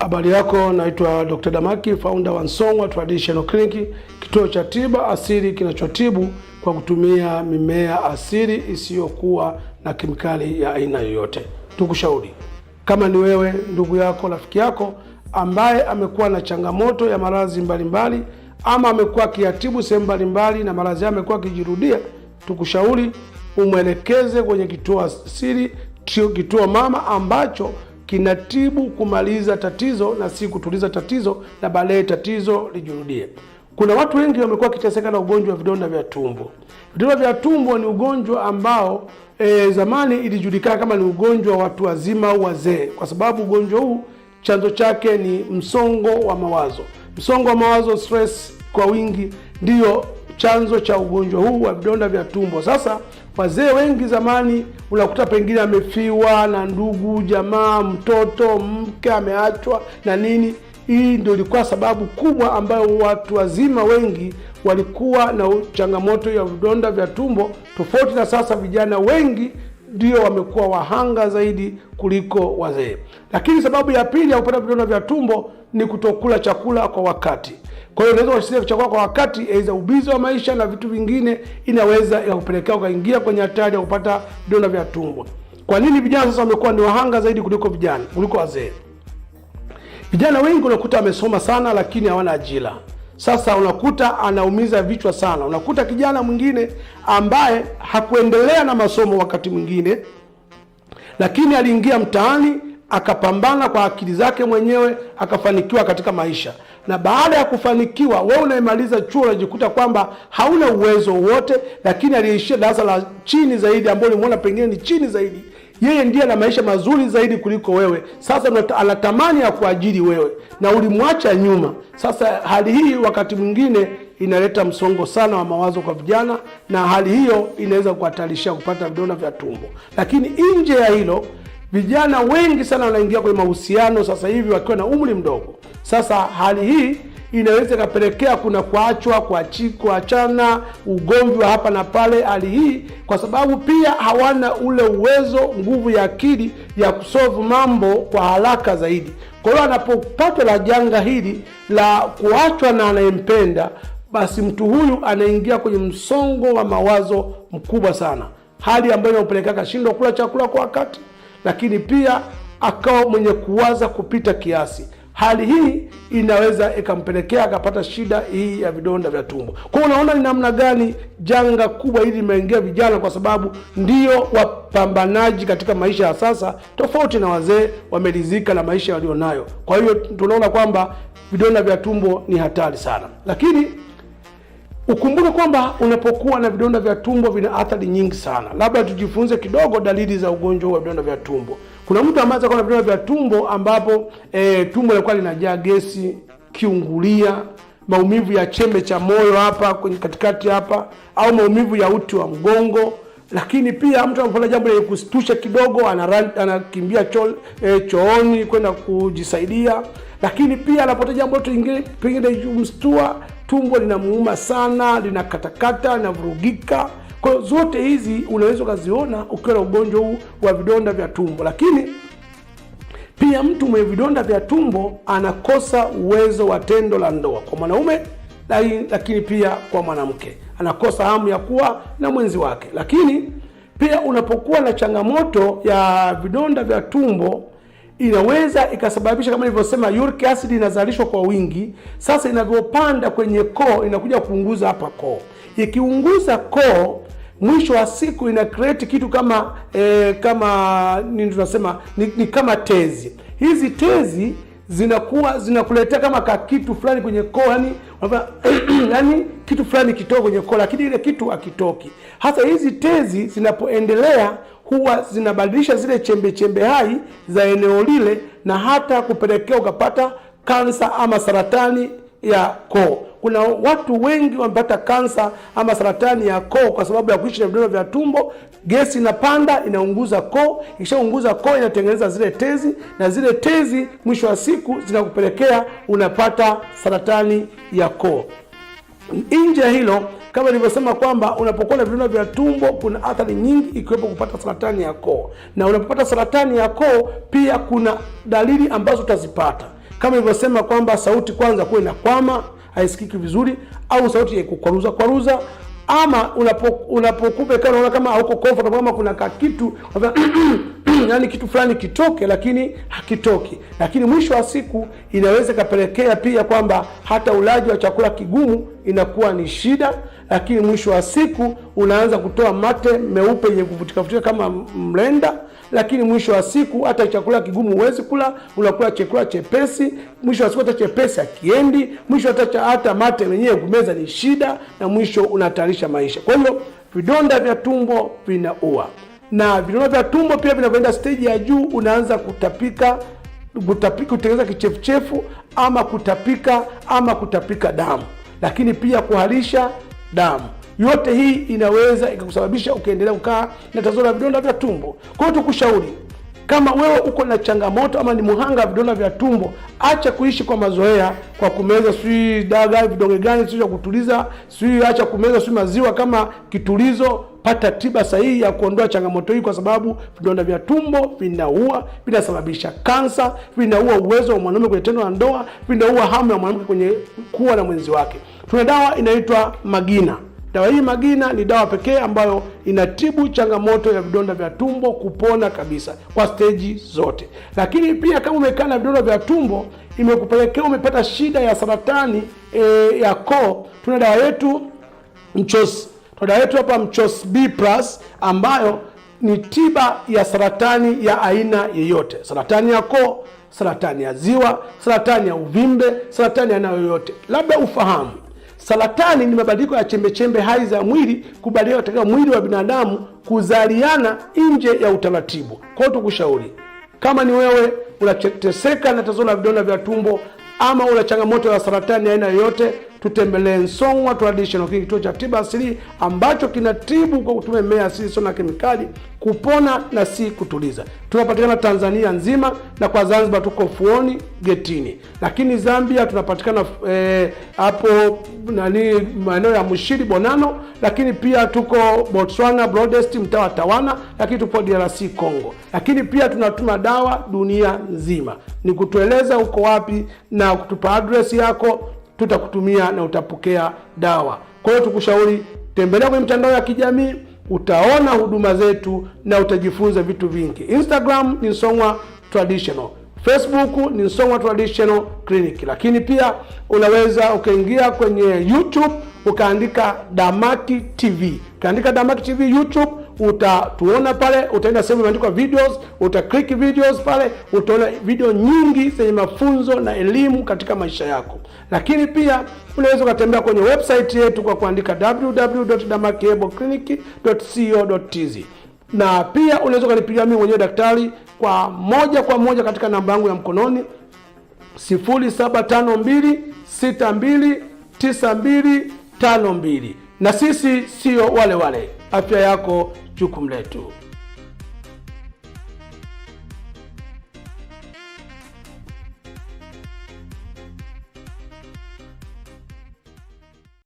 Habari yako, naitwa Dr. Damaki, founder wa Song'wa Traditional Clinic, kituo cha tiba asili kinachotibu kwa kutumia mimea asili isiyokuwa na kemikali ya aina yoyote. Tukushauri kama ni wewe ndugu yako, rafiki yako ambaye amekuwa na changamoto ya maradhi mbalimbali ama amekuwa akiyatibu sehemu mbalimbali na maradhi hayo amekuwa akijirudia, tukushauri umwelekeze kwenye kituo asili, kituo mama ambacho kinatibu kumaliza tatizo na si kutuliza tatizo na baadaye tatizo lijurudie. Kuna watu wengi wamekuwa wakiteseka na ugonjwa wa vidonda vya tumbo. Vidonda vya tumbo ni ugonjwa ambao e, zamani ilijulikana kama ni ugonjwa wa watu wazima au wazee, kwa sababu ugonjwa huu chanzo chake ni msongo wa mawazo. Msongo wa mawazo, stress kwa wingi, ndiyo chanzo cha ugonjwa huu wa vidonda vya tumbo. Sasa wazee wengi zamani unakuta pengine amefiwa na ndugu, jamaa, mtoto, mke ameachwa na nini. Hii ndio ilikuwa sababu kubwa ambayo watu wazima wengi walikuwa na changamoto ya vidonda vya tumbo, tofauti na sasa vijana wengi ndio wamekuwa wahanga zaidi kuliko wazee. Lakini sababu ya pili ya kupata vidonda vya tumbo ni kutokula chakula kwa wakati. Kwa hiyo unaweza ukashikilia kichwa chako kwa wakati, aidha ubizi wa maisha na vitu vingine, inaweza ikakupelekea ukaingia kwenye hatari ya kupata vidonda vya tumbo. Kwa nini vijana sasa wamekuwa ni wahanga zaidi kuliko vijana kuliko wazee? Vijana wengi unakuta wamesoma sana, lakini hawana ajira. Sasa unakuta anaumiza vichwa sana. Unakuta kijana mwingine ambaye hakuendelea na masomo wakati mwingine, lakini aliingia mtaani akapambana kwa akili zake mwenyewe akafanikiwa katika maisha na baada ya kufanikiwa, wewe unaimaliza chuo unajikuta kwamba hauna uwezo wote, lakini aliyeishia darasa la chini zaidi, ambayo ulimuona pengine ni chini zaidi, yeye ndiye ana maisha mazuri zaidi kuliko wewe. Sasa anatamani ya kuajiri wewe na ulimwacha nyuma. Sasa hali hii wakati mwingine inaleta msongo sana wa mawazo kwa vijana, na hali hiyo inaweza kuhatarishia kupata vidonda vya tumbo. Lakini nje ya hilo Vijana wengi sana wanaingia kwenye mahusiano sasa hivi wakiwa na umri mdogo. Sasa hali hii inaweza ikapelekea kuna kuachwa, kuachana, ugomvi wa hapa na pale, hali hii kwa sababu pia hawana ule uwezo, nguvu ya akili ya kusolve mambo kwa haraka zaidi. Kwa hiyo anapopatwa la janga hili la kuachwa na anayempenda, basi mtu huyu anaingia kwenye msongo wa mawazo mkubwa sana, hali ambayo inampelekea kashindwa kula chakula kwa wakati lakini pia akawa mwenye kuwaza kupita kiasi. Hali hii inaweza ikampelekea akapata shida hii ya vidonda vya tumbo. Kwa hiyo unaona ni namna gani janga kubwa hili limeingia vijana, kwa sababu ndio wapambanaji katika maisha ya sasa, tofauti na wazee wamelizika na maisha walionayo. Kwa hiyo tunaona kwamba vidonda vya tumbo ni hatari sana, lakini Ukumbuke kwamba unapokuwa na vidonda vya tumbo vina athari nyingi sana. Labda tujifunze kidogo dalili za ugonjwa wa vidonda vya tumbo. Kuna mtu ambaye ana vidonda vya tumbo ambapo e, tumbo lilikuwa linajaa gesi, kiungulia, maumivu ya chembe cha moyo hapa kwenye katikati hapa, au maumivu ya uti wa mgongo. Lakini pia mtu anapofanya jambo la kustusha kidogo, anakimbia cho, e, eh, chooni kwenda kujisaidia. Lakini pia anapata jambo lote lingine pengine kumstua tumbo linamuuma sana, linakatakata, linavurugika. Kwa zote hizi unaweza ukaziona ukiwa na ugonjwa huu wa vidonda vya tumbo. Lakini pia mtu mwenye vidonda vya tumbo anakosa uwezo wa tendo la ndoa kwa mwanaume, lakini pia kwa mwanamke anakosa hamu ya kuwa na mwenzi wake. Lakini pia unapokuwa na changamoto ya vidonda vya tumbo inaweza ikasababisha kama nilivyosema, uric acid inazalishwa kwa wingi. Sasa inavyopanda kwenye koo inakuja kuunguza hapa koo, ikiunguza koo mwisho wa siku ina create kitu kama e, kama nini tunasema ni, ni kama tezi. Hizi tezi zinakuwa zinakuletea kama ka kitu fulani kwenye koo, yani yani kitu fulani kitoka kwenye koo, lakini ile kitu hakitoki. Hasa hizi tezi zinapoendelea huwa zinabadilisha zile chembe chembe hai za eneo lile na hata kupelekea ukapata kansa ama saratani ya koo. Kuna watu wengi wamepata kansa ama saratani ya koo kwa sababu ya kuishi na vidonda vya tumbo. Gesi inapanda inaunguza koo, ikishaunguza koo inatengeneza zile tezi, na zile tezi mwisho wa siku zinakupelekea unapata saratani ya koo. Nje ya hilo kama nilivyosema kwamba unapokuwa na vidonda vya tumbo kuna athari nyingi, ikiwepo kupata saratani ya koo, na unapopata saratani ya koo pia kuna dalili ambazo utazipata kama nilivyosema kwamba sauti kwanza kuwe na kwama haisikiki vizuri, au sauti ya kukwaruza kwaruza ama unapo, unaona kama hauko comfortable, kama kuna kakitu Hmm, yani kitu fulani kitoke, lakini hakitoki. Lakini mwisho wa siku inaweza ikapelekea pia kwamba hata ulaji wa chakula kigumu inakuwa ni shida, lakini mwisho wa siku unaanza kutoa mate meupe yenye kuvutikavutika kama mlenda, lakini mwisho wa siku hata chakula kigumu huwezi kula, unakula chakula chepesi. Mwisho wa siku hata chepesi akiendi, mwisho hata, hata mate wenyewe kumeza ni shida, na mwisho unahatarisha maisha. Kwa hiyo vidonda vya tumbo vinaua na vidonda vya tumbo pia vinavyoenda stage ya juu, unaanza kutapika kutapika kutengeneza kichefuchefu ama kutapika ama kutapika damu, lakini pia kuharisha damu. Yote hii inaweza ikakusababisha ukaendelea kukaa na tatizo la vidonda vya tumbo. Kwa hiyo tukushauri, kama wewe uko na changamoto ama ni muhanga wa vidonda vya tumbo, acha kuishi kwa mazoea, kwa kumeza sijui dawa gani, vidonge gani sijui ya kutuliza, sijui acha kumeza sijui maziwa kama kitulizo pata tiba sahihi ya kuondoa changamoto hii, kwa sababu vidonda vya tumbo vinaua, vinasababisha kansa, vinaua uwezo wa mwanaume kwenye tendo la ndoa, vinaua hamu ya mwanamke kwenye kuwa na mwenzi wake. Tuna dawa inaitwa Magina. Dawa hii Magina ni dawa pekee ambayo inatibu changamoto ya vidonda vya tumbo kupona kabisa kwa steji zote. Lakini pia kama umekaa na vidonda vya tumbo imekupelekea umepata shida ya saratani e, ya koo, tuna dawa yetu mchosi Toda yetu hapa Mchos B Plus ambayo ni tiba ya saratani ya aina yeyote, saratani ya koo, saratani ya ziwa, saratani ya uvimbe, saratani ya aina yoyote. Labda ufahamu saratani ni mabadiliko ya chembechembe hai za mwili kubadilika katika mwili wa binadamu kuzaliana nje ya utaratibu. Kwa hiyo tukushauri, kama ni wewe unateseka na tatizo la vidonda vya tumbo ama una changamoto ya saratani aina yoyote tutembelee Song'wa Traditional, kituo cha tiba asili ambacho kinatibu kwa kutumia mimea asili sio na kemikali, kupona na si kutuliza. Tunapatikana Tanzania nzima, na kwa Zanzibar tuko Fuoni Getini, lakini Zambia tunapatikana eh, hapo e, nani maeneo ya Mushiri Bonano, lakini pia tuko Botswana Broadest mtaa wa Tawana, lakini tupo DRC Congo, lakini pia tunatuma dawa dunia nzima. Ni kutueleza uko wapi na kutupa address yako tutakutumia na utapokea dawa. Kwa hiyo tukushauri, tembelea kwenye mitandao ya kijamii, utaona huduma zetu na utajifunza vitu vingi. Instagram ni Song'wa Traditional, Facebook ni Song'wa Traditional Clinic, lakini pia unaweza ukaingia kwenye YouTube ukaandika Damaki TV, ukaandika Damaki TV YouTube utatuona pale, utaenda sehemu imeandikwa videos, uta click videos pale, utaona video nyingi zenye mafunzo na elimu katika maisha yako. Lakini pia unaweza ukatembea kwenye website yetu kwa kuandika www.damakeheboclinic.co.tz na pia unaweza ukanipigia mimi mwenyewe daktari kwa moja kwa moja katika namba yangu ya mkononi 0752629252 na sisi siyo wale wale. Afya yako jukumu letu.